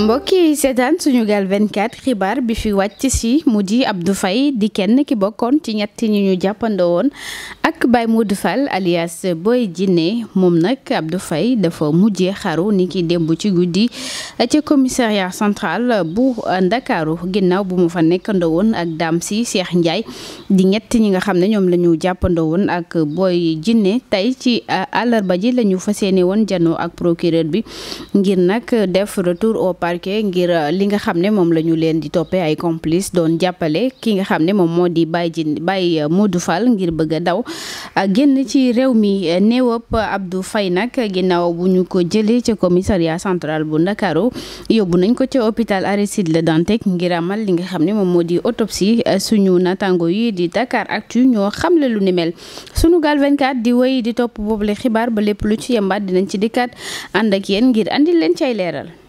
mbokk yi seetaan suñu gaal 24 xibaar bi fi wàcc si mu di Abdou Faye di kenn ki bokkoon ci ñetti ñi ñu jàppandoo woon ak Baye Modou Fall alias booy Djiné moom nag Abdou Faye dafa mujje xaru ni ki démb ci guddi ci commissariat central bu Ndakaaru ginnaaw bu mu fa nekkandoo woon ak daam si Cheikh Ndiaye di ñett ñi nga xam ne ñoom lañu jàppandoo woon ak Boy jinne tey ci àllarba ji lañu fa fas yéene woon janoo ak procureur bi ngir nag def retour au parquet ngir euh, li nga xam ne moom la ñu leen di toppee ay complice doon jàppale ki nga xam ne moom moo di Baye Jin Baye euh, Modou Fall ngir bëgg a daw euh, génn ci réew mi néewab Abdou Faye nag ginnaaw bu ñu ko jëlee ca commissariat centrale bu Ndakaaru yóbbu nañ ko ca hôpital Aristide Le Dantec ngir amal li nga xam ne moom moo di autopsie suñu natango yi di Dakar Actu ñoo xam xamle lu ni mel Sunugal 24 di wéy di topp boobule xibaar ba lépp lu ci yembaat dinañ ci dikkaat ànd ak yéen ngir andil leen cay leeral